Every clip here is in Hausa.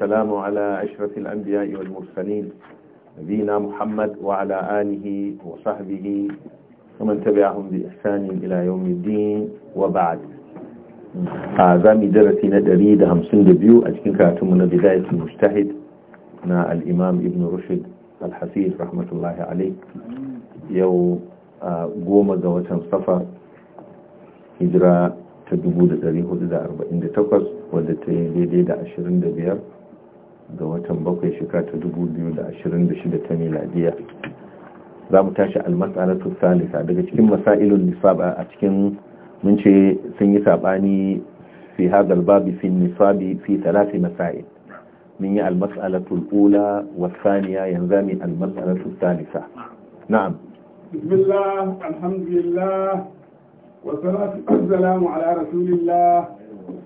والسلام على أشرف الأنبياء والمرسلين نبينا محمد وعلى آله وصحبه ومن تبعهم بإحسان إلى يوم الدين وبعد هذا درسي ندري دهم سندبيو أجكن كاتمنا بداية المجتهد نا الإمام ابن رشد الحفيد رحمة الله عليه يو قوم قوة صفر هجرة ta 1448 wadda ta yi daidai da 25 ga watan bakwai shekara ta 2026 ta miladiya za mu tashi almas'alatu salisa daga cikin masailun nisaba a cikin mun ce sun yi sabani fi hadal babi fi nisabi fi talati masail mun yi almas'alatu ula wa saniya yanzu mu almas'alatu salisa na'am bismillah alhamdulillah wa salatu ala rasulillah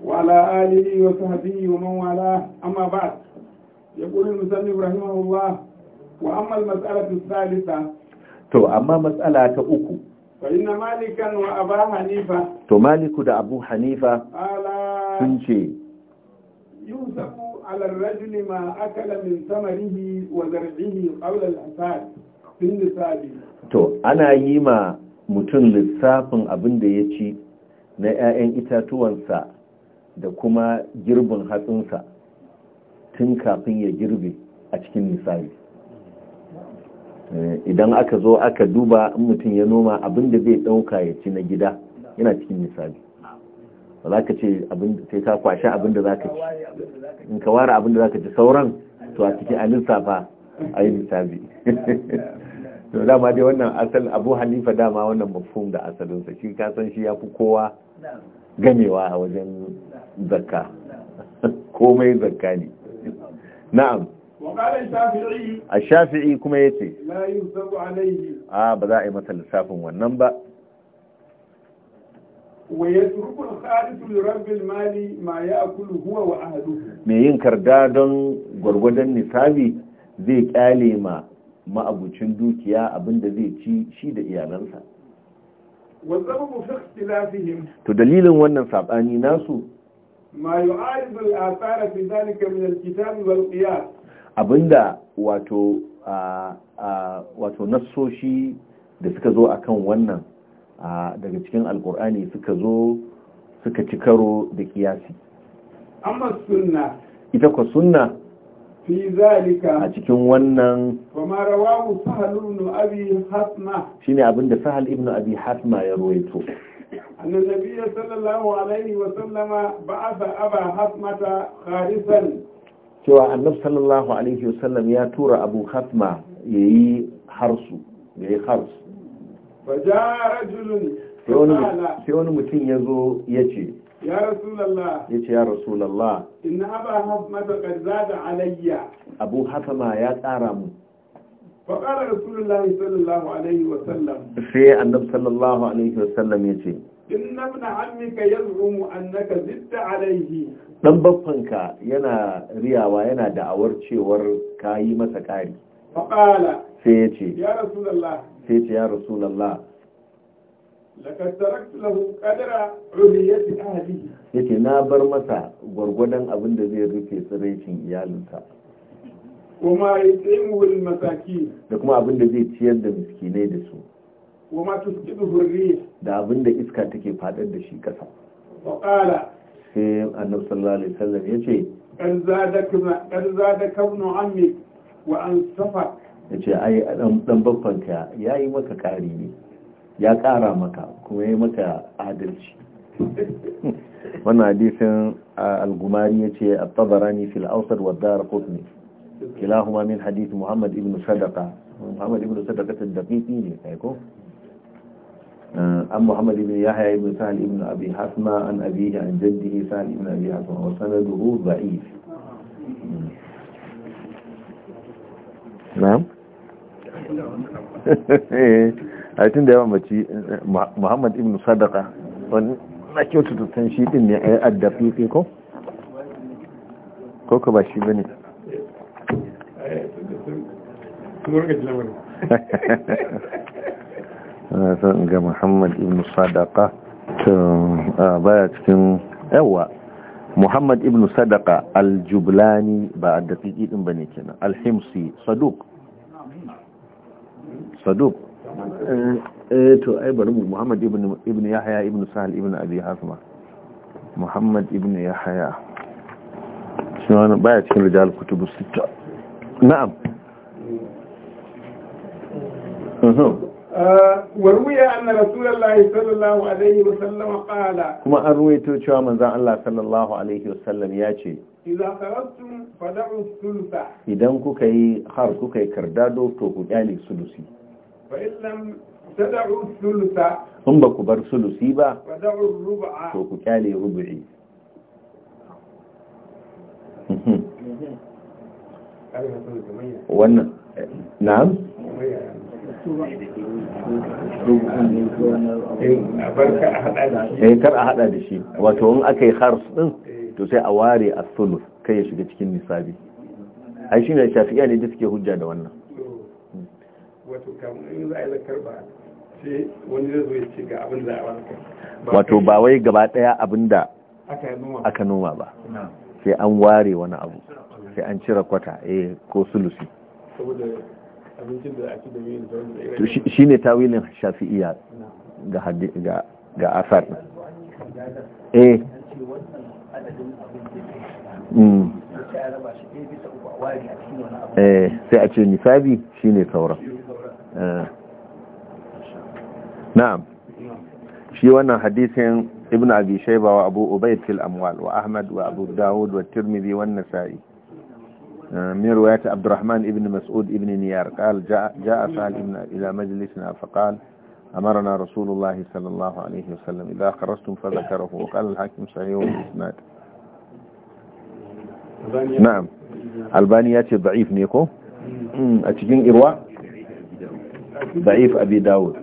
wa ala alihi wa sahbihi wa man wala amma ba'd يقول المسلم رحمه الله وأما المسألة الثالثة تو أما مسألة أكو فإن مالكا وأبا حنيفة تو مالك دا أبو حنيفة على سنشي يوسف على الرجل ما أكل من ثمره وزرعه قبل الحساد في النساب تو أنا يما mutum lissafin abin da ya ci na 'ya'yan itatuwansa da kuma girbin hatsinsa tun kafin ya girbe a cikin misali. Eh, idan aka zo aka duba in mutum ya noma abin da zai ɗauka ya ci na gida yana cikin misali. ba za ka ce sai ka kwashe abin da za ka ci in ka ware abin da za ka ci sauran to a cikin safa a yi misali. to dama dai wannan asal abu halifa dama wannan mafhum da asalinsa shi ka san shi ya fi kowa gamewa a wajen zakka komai zakka ne na'am a shafi'i kuma yace ce a ba za a yi masa lissafin wannan ba mai yin karda don gwargwadon nisabi zai kyale ma ma'abucin dukiya abinda zai ci shi da iyalansa to dalilin wannan saɓani nasu ما يعارض al في ذلك من الكتاب والقياس kitab wal qiyas abinda wato wato nassoshi da suka zo akan wannan daga cikin alkur'ani suka zo suka ci karo da kiyasi amma sunna ita ko sunna fi zalika a cikin wannan kuma rawahu sahal ibn abi hasma shine abinda sahal ibn abi hasma ya ruwaito أن النبي صلى الله عليه وسلم بعث أبا حثمة خارسا cewa annab sallallahu alaihi wasallam ya tura abu hatma ya yi harsu ya yi harsu sai wani mutum ya zo ya ce ya rasulallah ya ce aba hatma ta da alayya abu hatma ya tsara mu faƙarar rasulullahi الله alaihi wasallam sai annabi sallallahu alaihi wasallam ya ce inna ibn ammika yaz'umu annaka zidda alaihi dan baffanka yana riyawa yana da'awar cewar yi masa kari faƙala sai ya ce ya rasulullah sai ya ce ya rasulullah laqad lahu qadra uliyati yace na bar masa gwargwadon abin da zai rufe tsiraicin iyalinsa ya ce وما يطعمه masaki. da kuma abin da zai ciyar da miskinai da su وما تسقطه الريح da abin da iska take fadar da shi kasa وقال sai annabi sallallahu alaihi wasallam yace kan zadaka da zadaka an ne wa an ansafa yace ai dan dan ya yi maka kari ne ya kara maka kuma ya yi maka adalci wannan hadisin al-gumari ce a tabarani fil awsat wa ad-darqutni kilahuma min hadith muhammad ibn sadaqa muhammad ibn sadaqa tadaqiqi ne kai ko an muhammad ibn yahya ibn sahal ibn abi hasma an abihi an jaddihi ibn abi hasma wa sanaduhu a tun da yawan mace muhammad ibn sadaka wani na kyautata shi din ne a yi addafi ko? ko ka ba shi ba ne ga muhammad ibn sadaka baya cikin yawa muhammad ibn sadaka aljublani ba a daƙiƙi ɗin ba ne kenan alhimsi saduk saduk eh, eh to ai bari mu muhammad ibn ibn yahya ibn sahal ibn abi hasma ibn yahya shi baya cikin rijal sita Mhm. Uh, warwiya wa kuma an ruwaito cewa manzon Allah sallallahu alaihi wa sallam ya ce idan kuka yi har kuka yi kardado to ku kyale sulusi in ba ku bar sulusi ba to ku kyale rubu'i mhm. wannan eh, na'am Eh, kar a hada da shi wato in aka yi hars din to sai a ware a sulus kai ya shiga cikin nisabi ai shine ne shafi'iya ne da suke hujja da wannan wato kamun yin za zakar ba sai wani zai zo ya ce ga abin da a wato ba wai gaba daya abin da aka noma ba sai an ware wani abu sai an cire kwata eh ko sulusi Shine shi ne tawilin shafi'iya ga asar eh. Mm. eh sai a ce nisabi shi ne sauran eh. na'am shi wannan hadisin ibn abi shaiba wa abu ubaid fil amwal wa ahmad wa abu dawud wa tirmidhi wa nasa'i من رواية عبد الرحمن ابن مسعود ابن نيار قال جاء, جاء سهل ابن إلى مجلسنا فقال أمرنا رسول الله صلى الله عليه وسلم إذا خرجتم فذكره وقال الحاكم صحيح الإسناد نعم البانية ضعيف نيكو أتجين إرواء ضعيف أبي داود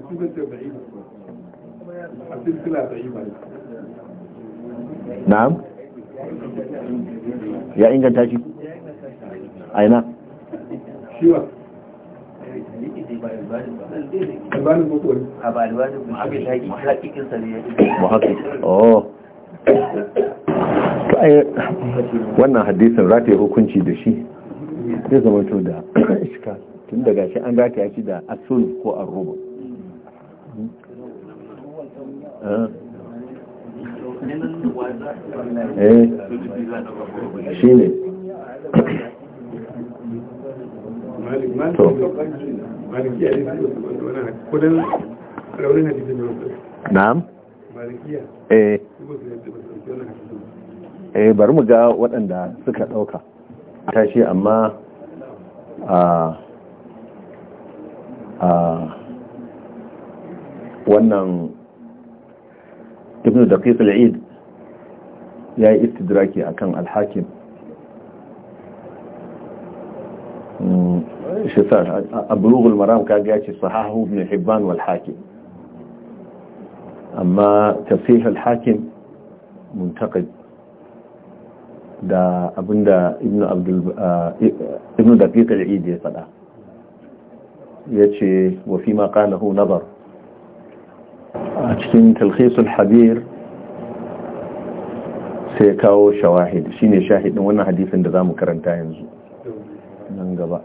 نعم يا إنجان تاجي Aina. Oh. wannan hadisin rataye hukunci da shi zai zama to da iska tun daga shi an rataya shi da asul ko roba eh. shi ne E bari mu ga waɗanda suka ɗauka tashi amma a a wannan ibn daqiq al-eid ya yi istidraki akan kan alhakin hmm. shi sa maram kaga ya ce sahahu ibn hibban wal hakim amma tafsir al hakim muntaqid da abinda ibn abdul ibn daqiq al idi ya fada yace wa fi ma qalahu nazar a cikin talkhis al habir sai kawo shawahid shine shahidin wannan hadisin da zamu karanta yanzu nan gaba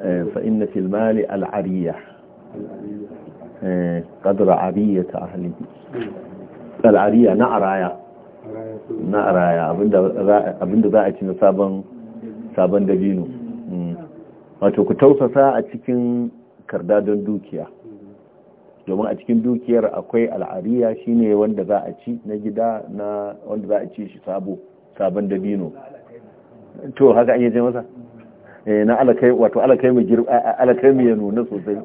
فإن في المال العرية قدر عرية أهله العرية نعرايا نعرايا abinda za a ci na sabon dabino hmm. wato ku tausasa a cikin kardadon dukiya domin a cikin dukiyar akwai al'ariya shine wanda za a ci na gida na wanda za a ci shi sabo sabon dabino to haka an yi masa eh na alakai wato alakai mu girma alakai mu ya nuna sosai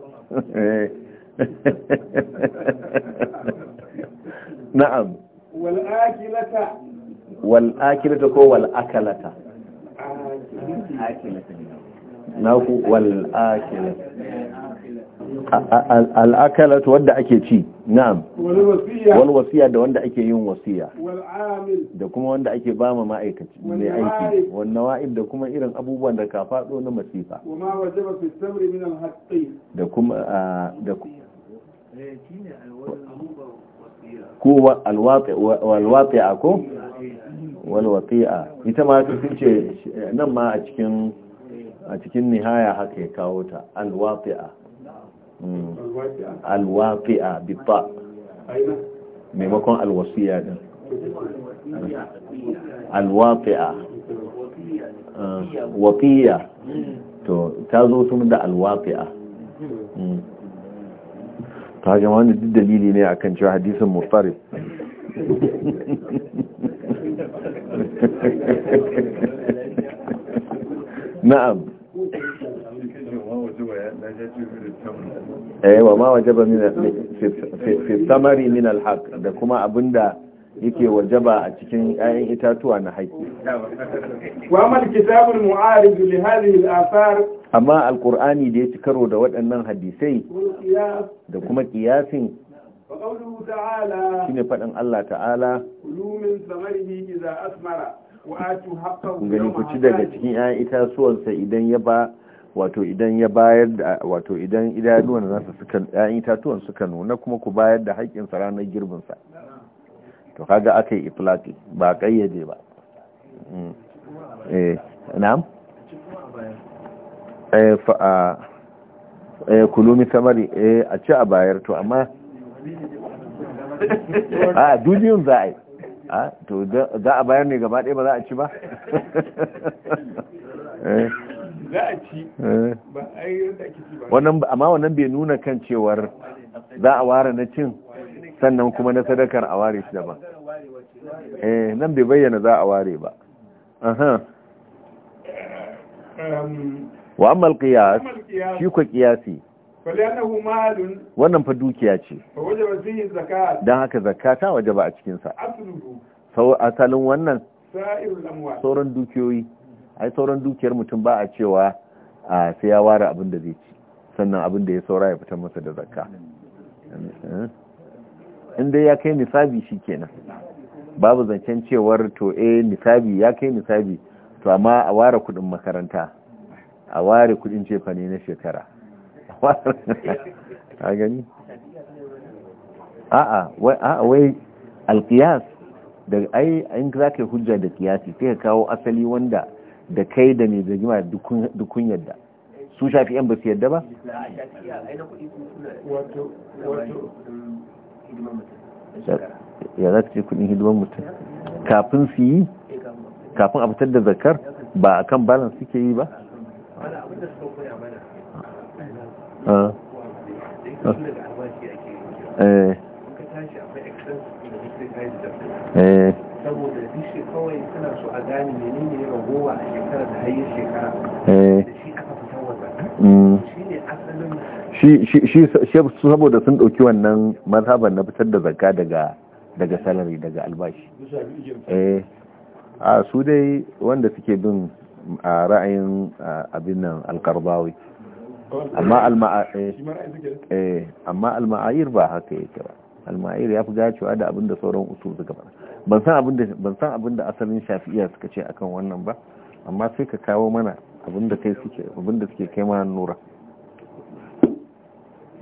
eh. na'am Wal'akilata. Wal'akilata ko wal akalata na ku wal akilata wadda ake ci na'am wal wasiya da wanda ake yin wasiya da kuma wanda ake ba ma ma'aikaci mai aiki Wal wa'id da kuma irin abubuwan da ka faɗo na masifa da kuma da eh, ko alwaƙi'a ko walwaƙi'a ita ma sun ce eh, nan ma a cikin nihaya haka ya kawo ta alwaƙi'a alwafi'a bifa maimakon alwasiya din alwafi'a uh, wafiya to ta zo sun da alwafi'a hmm. ta gama wani duk dalili ne a kan cewa hadisun mutarif na'am Eh, wa ma wajaba min fi samari min alhaq da kuma abinda yake wajaba a cikin 'ya'yan itatuwa na haƙƙi wa ma kitabul mu'arid li hadhihi al-athar amma alqur'ani da ya ci karo da waɗannan hadisai da kuma qiyasin shine faɗin Allah ta'ala gani ku ci daga cikin 'ya'yan itatuwansa idan ya ba wato idan ya bayar da wato idan idanuwan nasa suka ɗayan itatuwan suka nuna kuma ku bayar da haƙƙin sa ranar girbin sa to kaga aka yi iflati ba kayyade ba mm. eh na'am eh fa eh kulumi samari eh a ci a bayar to amma a duniyun za a yi a to za a bayar ne gaba ɗaya ba za a ci ba eh. za a ci eh. ba a yi yadda ake ci ba amma wannan bai nuna kan cewar za a ware na cin sannan kuma na sadakar a ware shi daban eh nan bai bayyana za a ware ba wa amma alqiyas shi ku qiyasi wannan fa dukiya ce don haka zakata wajaba a cikinsa asalin wannan sauran dukiyoyi ai sauran dukiyar mutum ba a cewa sai ya ware abin da zai ci sannan abin da ya saura ya fitar masa da zakka eh? in dai ya kai nisabi shi kenan babu zancen cewar to eh nisabi ya kai nisabi to amma a ware kudin makaranta a ware kudin cefane na shekara a gani a'a wai alkiyas da ai in za ka hujja da kiyasi sai ka kawo asali wanda da kai da mai zargi ma duk yadda su shafi yan ba su yadda ba ya za ce kudin hidiman mutum kafin su yi kafin a fitar da zakar ba a kan balance suke yi ba ah. eh kawai suna su a gane menene ne ragowa a shekarar da hayyar shekara eh. da shi aka fitar wata mm. shi shi saboda sun ɗauki wannan mazhaban na fitar da zakka daga daga salari daga albashi eh a su dai wanda suke bin a ra'ayin abin nan alkarbawi amma eh, eh, alma'ayir ba haka yake ba alma'ayir ya fi gacewa da abin da sauran usul suka faɗa ban san abin da asalin shafi'iya suka ce akan wannan ba amma sai ka kawo mana abin da suke kai mana nura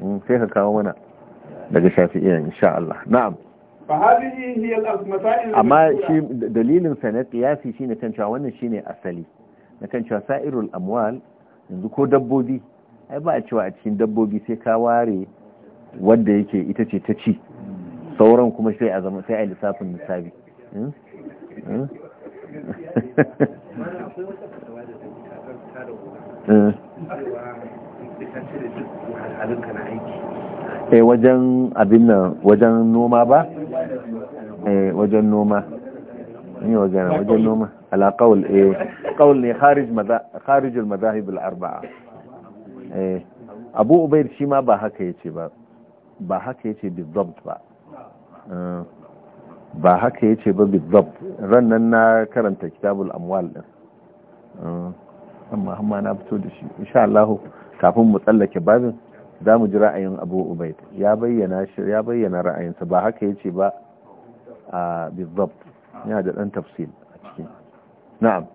mm, sai ka kawo mana daga shafi'iya insha Allah na'am amma shi dalilin sanat yafi shi ne kan cewa wannan shi ne asali na kan cewa sa'irul amwal yanzu ko dabbobi ai ba a cewa a cikin dabbobi sai ka ware wanda yake ita ce ta ci sauran kuma sai a zama sai a lissafin misali hmm? hmm? eh wajen abin nan wajen noma ba eh wajen noma ni wajen wajen noma ala qawl eh qawl ni kharij madha kharij al madahib al arba'a eh abu ubayd shi ma ba haka yace ba ba haka yace bizabt ba ba haka ya ce ba bizab rannan na karanta kitabul amwal din eh, amma amma na fito da shi insha Allah kafin mu tsallake babin za mu ji ra'ayin abu ubaid ya bayyana ya bayyana ra'ayinsa ba haka ya ce ba a bizab yana da dan tafsil a ciki na'am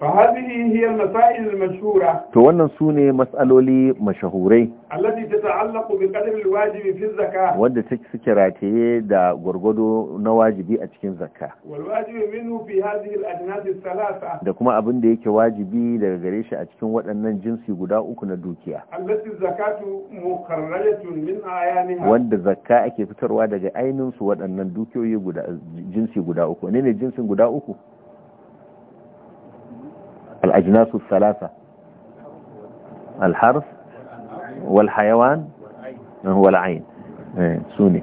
فهذه هي المسائل المشهورة to wannan sune masaloli mashahurai allati tata'allaqu bi qadri alwajib fi zakah wanda take suke rataye da gurgudu na wajibi a cikin zakka wal wajib minhu fi hadhihi al-ajnas ath-thalatha da kuma abin da yake wajibi daga gare shi a cikin waɗannan jinsi guda uku na dukiya allati zakatu muqarrajatun min ayaniha wanda zakka ake fitarwa daga ainin su waɗannan dukiyoyi guda jinsi guda uku ne ne jinsin guda uku الأجناس الثلاثة الحرف والحيوان هو العين سوني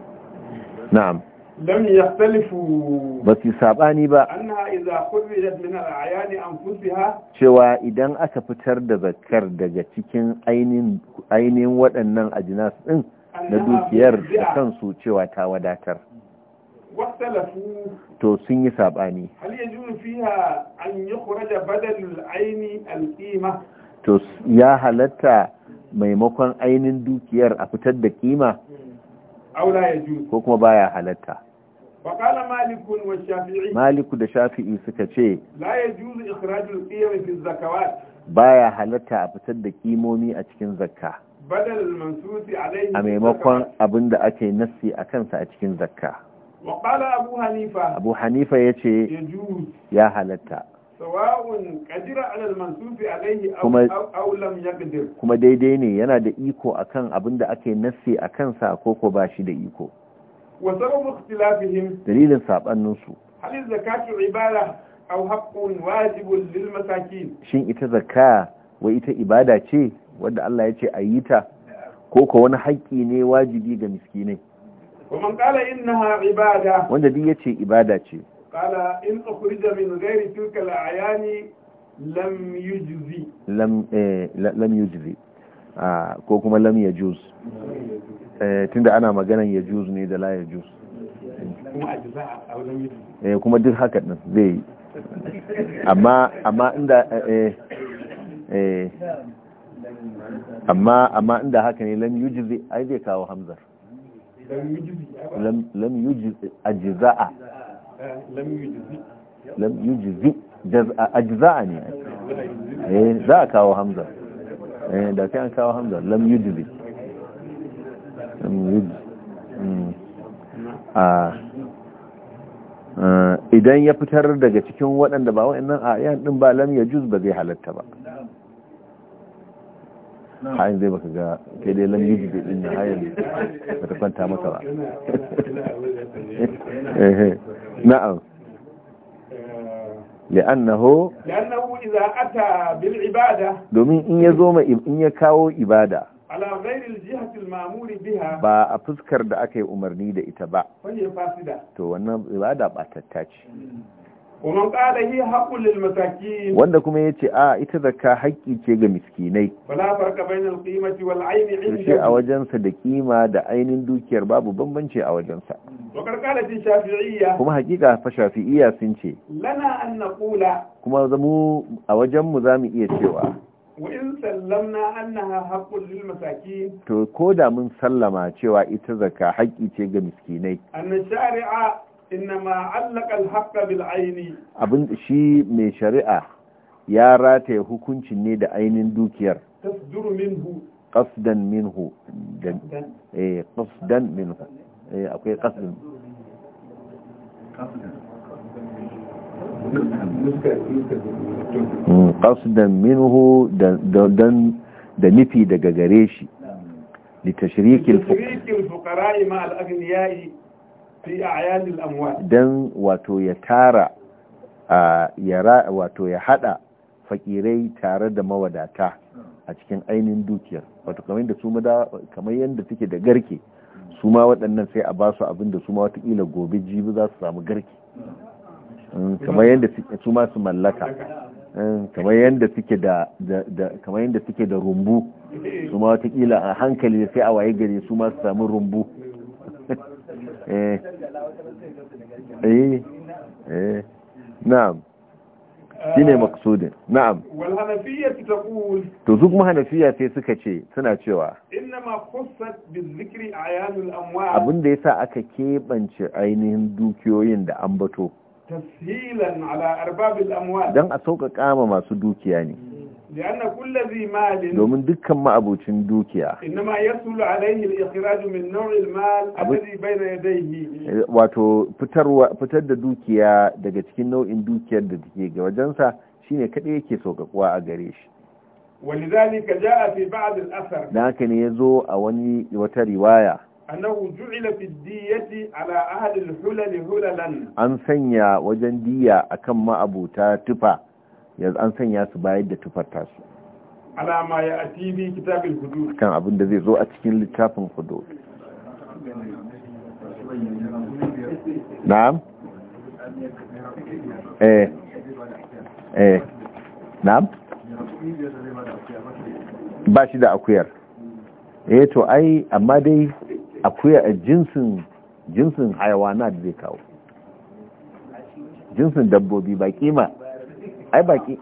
نعم لم يختلفوا بس يساباني با أنها إذا خرجت من الأعيان أنفسها شوى إذن أكفتر دبكر دجتكين أين أينين ودنن أجناس إن na dukiyar da kansu to sun yi saɓani to ya halatta maimakon ainihin dukiyar a fitar da kima hmm. ko kuma baya halatta faƙala wa shafi'i maliku da shafi'i suka ce la ya qiyam fi zakawat baya halatta a fitar da kimomi a cikin zakka badal mansusi alaihi a maimakon abinda ake nassi a kansa a cikin zakka abu hanifa ya ce ya halatta kuma daidai ne yana da iko kan abin da ake nassi a kansa ko ko ba shi da iko dalilin saɓanninsu halin zakatu shin ita zaka wa ita ibada ce wadda Allah ya ce a yi ta ko ko wani haƙƙi ne wajibi ga miskinai ومن قال إنها عبادة وانت دي يتشي عبادة شي قال إن أخرج من غير تلك الأعيان لم يجزي لم إيه لم يجزي آه ko kuma lam ya juz tunda ana maganan ya juz ne da la ya kuma duk haka din zai amma amma inda eh eh amma amma inda haka ne lam yujzi ai zai kawo hamzar lam yujzi ajza'a lam لم ne eh za kawo hamza eh, da kai an kawo hamza lam yujzi lam hmm. eh, idan ya fitar daga cikin waɗanda ba wa'annan ayan ɗin din ba lam yajuz ba zai halatta ba hain zai baka ga ke dai lan yiji da ɗin na hayan da ta kwanta maka ba na'am li'annahu ata bil ibada domin in ya zo ma in ya kawo ibada ba a fuskar da aka yi umarni da ita ba to wannan ibada ba tattaci wanda kuma ya ce a ita zakka haƙƙi ce ga miskinai shi a wajensa da kima da ainihin dukiyar babu bambanci a wajensa kuma haƙiƙa fa shafi'iyya sun ce kuma zamu a wajenmu za mu iya cewa wa'in sallamna annaha haqqun lil masakin to ko da mun sallama cewa ita zakka haƙƙi ce ga miskinai annan shari'a innama allaka alhaqqa bil aini abin shi mai shari'a ya rataye hukuncin ne da ainin dukiyar tasduru minhu qasdan minhu eh qasdan minhu eh akwai qasdan hmm, qasdan minhu dan da nufi daga gare shi litashriki alfuqara ma al-aghniya'i don wato ya tara wato ya hada fakirai tare da mawadata a cikin ainihin dukiyar wato kamar yadda su kamar yadda suke da garke su ma waɗannan sai a ba su abin da su ma watakila gobe jibi za su samu garke mm, kamar yadda su ma su mallaka mm, kamar yadda suke da kamar yadda suke da rumbu su ma watakila a hankali sai a waye gari su ma su samu rumbu eh, eh eh na'am shine eh, na'am wal hanafiyya sai suka ce suna cewa inna ma khussat bizikri ayanul yasa aka kebance ainihin dukiyoyin da ambato bato. ala a sauƙaƙa ma masu dukiya ne domin dukkan ma'abucin dukiya wato fitar da dukiya daga cikin nau'in dukiyar da ke ga wajensa shine kaɗai yake saukakuwa a gare shi ولذلك جاء في بعض الأثر لكن يزو أوني وترواية أنه جعل في الدية على أهل الحلل حللا wajen وجندية أكم أبو تاتفا yanzu an sanya su bayar da tufarta su alama ya atibi kitabin hudu kan abin da zai zo a cikin littafin hudu. na'am eh eh na'am ba shi da akuyar eh to ai amma dai akuyar eh, jinsin jinsin hayawana da zai kawo jinsin dabbobi ba kima ai baki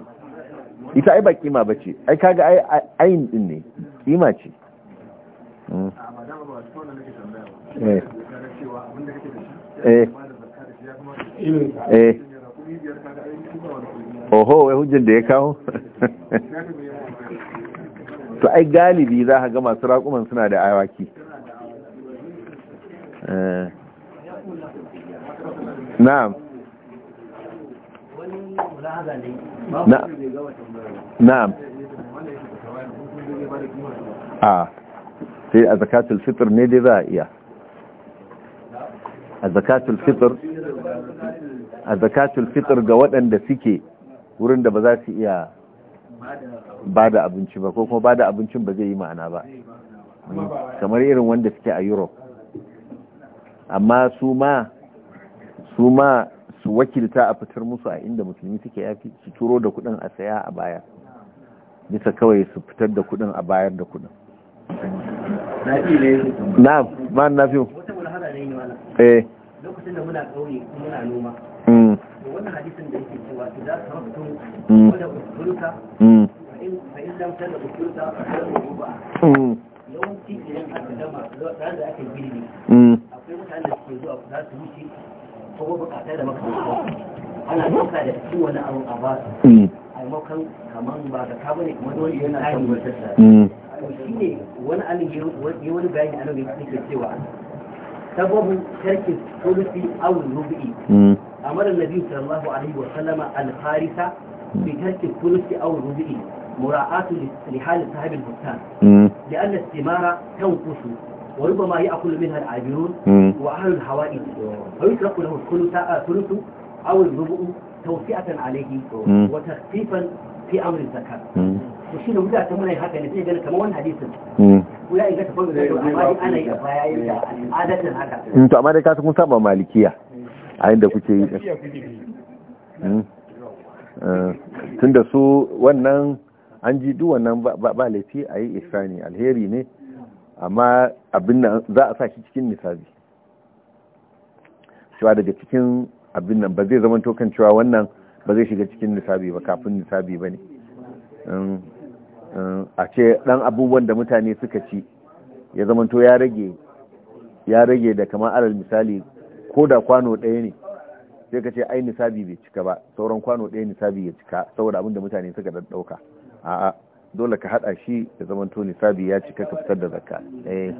ita ai ba ma bace ai kaga ai ayin din ne kima ce hmm. eh. Eh. Eh. oho wai hujjar da ya kawo to ai galibi za ka ga masu raƙuman suna da awaki na'am a a zakatul ga waɗanda wurin da ba za su iya ba da abinci ba ko kuma ba da abincin ba zai yi ma'ana ba kamar irin wanda suke a europe amma su ma su ma su wakilta a fitar musu a inda musulmi suke yafi su turo da kudin a saya a baya, bisa kawai su fitar da kudin a bayar da kudin na'am ma na fi eh lokacin da muna kauri muna noma hmm. wannan hadisin da yake cewa idan ka kuma hmm. da usulka fa in lam tana usulka fa ruba yawanci idan aka dama da ake gini hmm. akwai mutane da suke zuwa za su wuce kuma bukata da makamata ana hmm. a ba sababu tarkin sulusi nabi sallallahu alaihi wa sallama hmm. bi tarkin sulusi awun rubu'i mura'atu li halin sahibin huttan da hmm. an istimara tankusu وربما يأكل منها العابرون وأهل الحوائج ويترك له الثلث أو الربع توسعة عليه وتخفيفا في أمر الزكاة وشنو بدا تمنى هكا نتيجة قال كما وان حديثا ولا إذا تفضل أنا يبقى عادة هكا أنتوا أمالي كانت مصابة مالكية عند كتير tun da su wannan an ji duwannan ba laifi a yi isani alheri ne amma abin nan za a sa shi cikin nisabi cewa daga cikin abin nan ba zai zama tokan cewa wannan ba zai shiga cikin nisabi ba kafin nisabi ba ne a ce ɗan abubuwan da mutane suka ci ya zamanto ya rage ya rage da kama alal misali ko da kwano ɗaya ne sai ka ce ai nisabi bai cika ba sauran kwano ɗaya nisabi ya cika saboda abin da mutane suka ɗauka a'a dole ka hada shi da zaman toni sabi ya cika ka fitar da zaka eh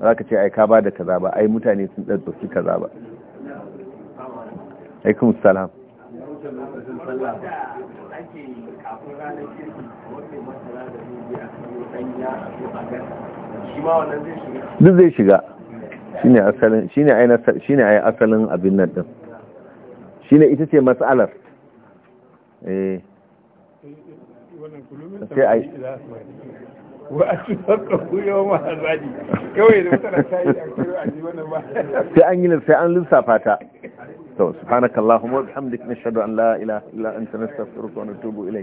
za ka ce ai ka ba da kaza ba ai mutane sun da su kaza ba aikum salam duk zai shiga shine asalin shine ai shine ai asalin abin nan din shine ita ce matsalar eh sai an yi sai an lissafa ta to subhanakallahumma wa bihamdika nashhadu an la ilaha illa anta nastaghfiruka wa natubu ilayk